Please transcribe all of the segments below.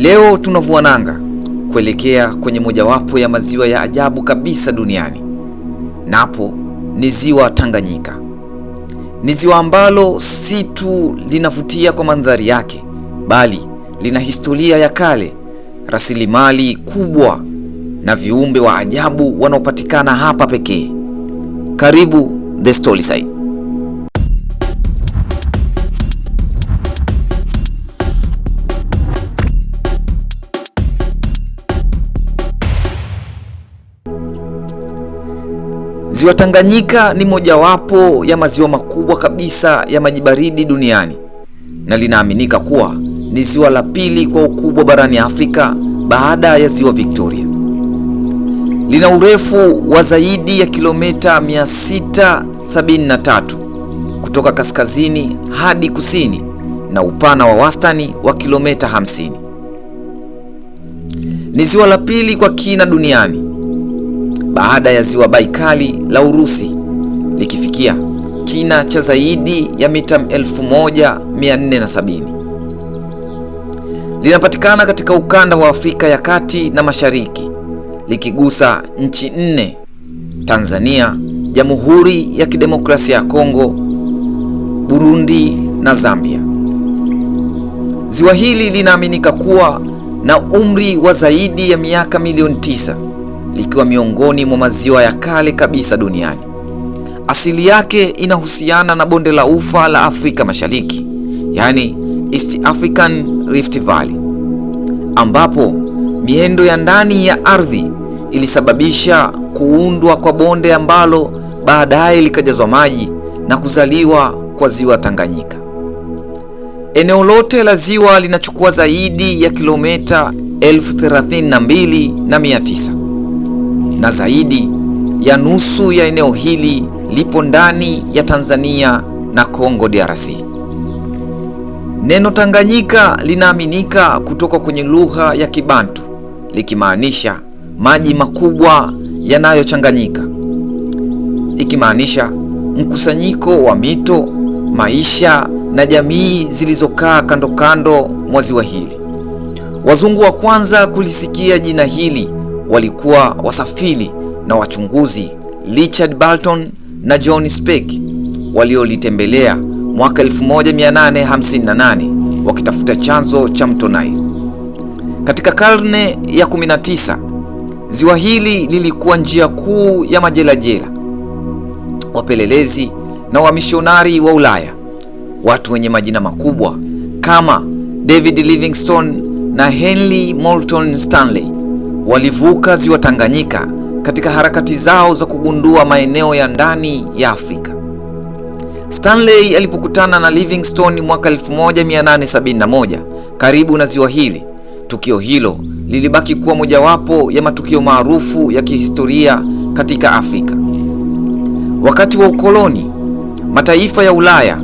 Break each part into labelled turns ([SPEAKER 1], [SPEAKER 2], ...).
[SPEAKER 1] Leo tunavua nanga kuelekea kwenye mojawapo ya maziwa ya ajabu kabisa duniani, napo ni ziwa Tanganyika. Ni ziwa ambalo si tu linavutia kwa mandhari yake, bali lina historia ya kale, rasilimali kubwa na viumbe wa ajabu wanaopatikana hapa pekee. Karibu The Storyside. Ziwa Tanganyika ni mojawapo ya maziwa makubwa kabisa ya maji baridi duniani na linaaminika kuwa ni ziwa la pili kwa ukubwa barani Afrika baada ya Ziwa Victoria. Lina urefu wa zaidi ya kilomita 673 kutoka kaskazini hadi kusini na upana wa wastani wa kilomita 50. Ni ziwa la pili kwa kina duniani baada ya ziwa Baikali la Urusi likifikia kina cha zaidi ya mita 1470. Linapatikana katika ukanda wa Afrika ya Kati na Mashariki likigusa nchi nne: Tanzania, Jamhuri ya Kidemokrasia ya Kongo, Burundi na Zambia. Ziwa hili linaaminika kuwa na umri wa zaidi ya miaka milioni tisa likiwa miongoni mwa maziwa ya kale kabisa duniani. Asili yake inahusiana na bonde la ufa la Afrika Mashariki, yaani East African Rift Valley, ambapo miendo ya ndani ya ardhi ilisababisha kuundwa kwa bonde ambalo baadaye likajazwa maji na kuzaliwa kwa ziwa Tanganyika. Eneo lote la ziwa linachukua zaidi ya kilomita elfu thelathini na mbili na mia tisa na zaidi ya nusu ya eneo hili lipo ndani ya Tanzania na Kongo DRC. Neno Tanganyika linaaminika kutoka kwenye lugha ya Kibantu likimaanisha maji makubwa yanayochanganyika, ikimaanisha mkusanyiko wa mito, maisha na jamii zilizokaa kando kando mwa ziwa hili. Wazungu wa kwanza kulisikia jina hili walikuwa wasafiri na wachunguzi Richard Burton na John Speke waliolitembelea mwaka 1858 wakitafuta chanzo cha mto Nile. Katika karne ya 19, ziwa hili lilikuwa njia kuu ya majelajela, wapelelezi na wamishonari wa Ulaya. Watu wenye majina makubwa kama David Livingstone na Henry Morton Stanley walivuka ziwa Tanganyika katika harakati zao za kugundua maeneo ya ndani ya Afrika. Stanley alipokutana na Livingstone mwaka 1871 karibu na ziwa hili, tukio hilo lilibaki kuwa mojawapo ya matukio maarufu ya kihistoria katika Afrika. Wakati wa ukoloni, mataifa ya Ulaya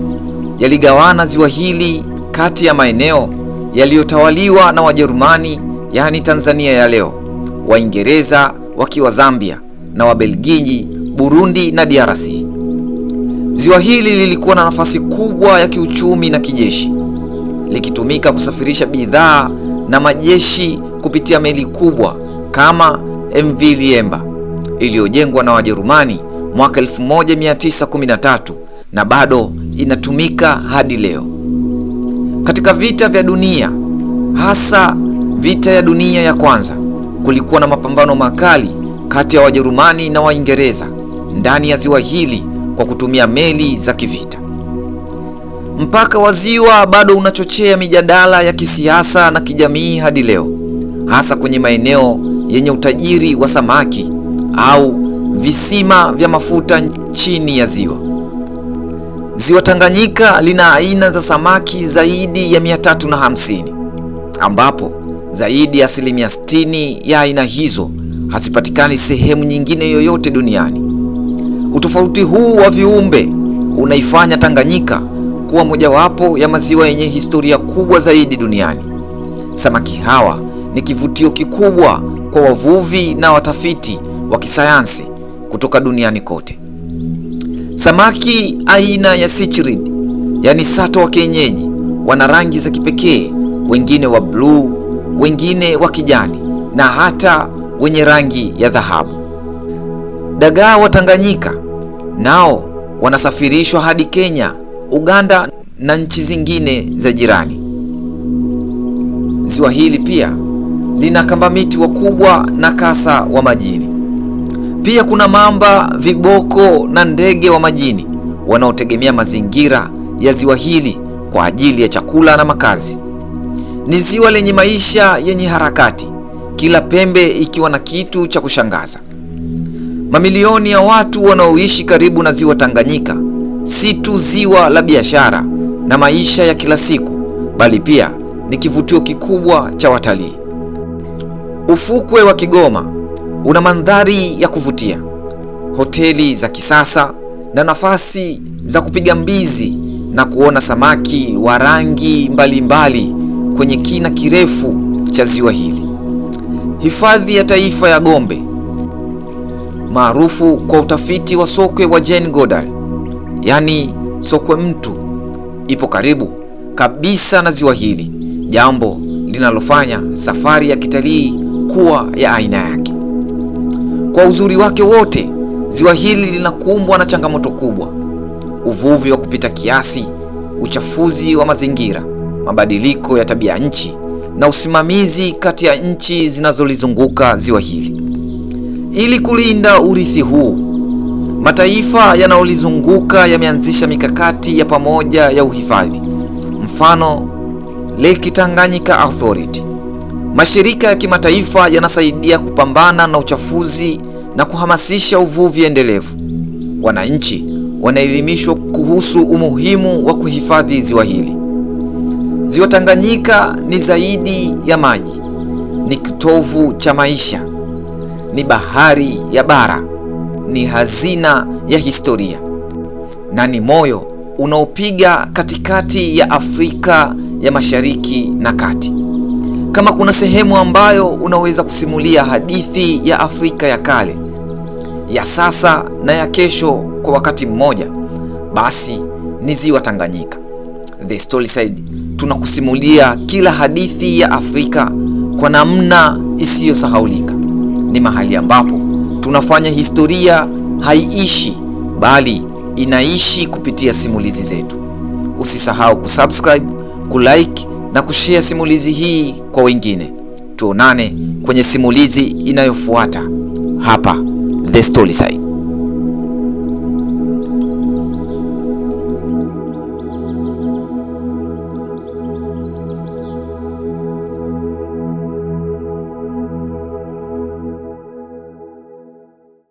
[SPEAKER 1] yaligawana ziwa hili kati ya maeneo yaliyotawaliwa na Wajerumani, yaani Tanzania ya leo Waingereza wakiwa Zambia na Wabelgiji, Burundi na DRC. Ziwa hili lilikuwa na nafasi kubwa ya kiuchumi na kijeshi, likitumika kusafirisha bidhaa na majeshi kupitia meli kubwa kama MV Liemba iliyojengwa na Wajerumani mwaka 1913 na bado inatumika hadi leo. Katika vita vya dunia, hasa vita ya dunia ya kwanza kulikuwa na mapambano makali kati ya Wajerumani na Waingereza ndani ya ziwa hili kwa kutumia meli za kivita. Mpaka wa ziwa bado unachochea mijadala ya kisiasa na kijamii hadi leo, hasa kwenye maeneo yenye utajiri wa samaki au visima vya mafuta chini ya ziwa. Ziwa Tanganyika lina aina za samaki zaidi ya 350 ambapo zaidi ya asilimia 60 ya aina hizo hazipatikani sehemu nyingine yoyote duniani. Utofauti huu wa viumbe unaifanya Tanganyika kuwa mojawapo ya maziwa yenye historia kubwa zaidi duniani. Samaki hawa ni kivutio kikubwa kwa wavuvi na watafiti wa kisayansi kutoka duniani kote. Samaki aina ya sichrid yani sato wa kienyeji, wana rangi za kipekee, wengine wa bluu wengine wa kijani na hata wenye rangi ya dhahabu. Dagaa wa Tanganyika nao wanasafirishwa hadi Kenya, Uganda na nchi zingine za jirani. Ziwa hili pia lina kambamiti wakubwa na kasa wa majini. Pia kuna mamba, viboko na ndege wa majini wanaotegemea mazingira ya ziwa hili kwa ajili ya chakula na makazi. Ni ziwa lenye maisha yenye harakati, kila pembe ikiwa na kitu cha kushangaza. Mamilioni ya watu wanaoishi karibu na ziwa Tanganyika si tu ziwa la biashara na maisha ya kila siku, bali pia ni kivutio kikubwa cha watalii. Ufukwe wa Kigoma una mandhari ya kuvutia, hoteli za kisasa na nafasi za kupiga mbizi na kuona samaki wa rangi mbalimbali kwenye kina kirefu cha ziwa hili. Hifadhi ya Taifa ya Gombe maarufu kwa utafiti wa sokwe wa Jane Goodall, yaani sokwe mtu, ipo karibu kabisa na ziwa hili, jambo linalofanya safari ya kitalii kuwa ya aina yake. Kwa uzuri wake wote, ziwa hili linakumbwa na changamoto kubwa: uvuvi wa kupita kiasi, uchafuzi wa mazingira mabadiliko ya tabia nchi na usimamizi kati ya nchi zinazolizunguka ziwa hili. Ili kulinda urithi huu, mataifa yanayolizunguka yameanzisha mikakati ya pamoja ya uhifadhi, mfano Lake Tanganyika Authority. Mashirika ya kimataifa yanasaidia kupambana na uchafuzi na kuhamasisha uvuvi endelevu. Wananchi wanaelimishwa kuhusu umuhimu wa kuhifadhi ziwa hili. Ziwa Tanganyika ni zaidi ya maji, ni kitovu cha maisha, ni bahari ya bara, ni hazina ya historia na ni moyo unaopiga katikati ya Afrika ya Mashariki na Kati. Kama kuna sehemu ambayo unaweza kusimulia hadithi ya Afrika ya kale, ya sasa na ya kesho kwa wakati mmoja, basi ni Ziwa Tanganyika. The Storyside tunakusimulia kila hadithi ya Afrika kwa namna isiyosahaulika. Ni mahali ambapo tunafanya historia haiishi, bali inaishi kupitia simulizi zetu. Usisahau kusubscribe, kulike na kushare simulizi hii kwa wengine. Tuonane kwenye simulizi inayofuata hapa The Side.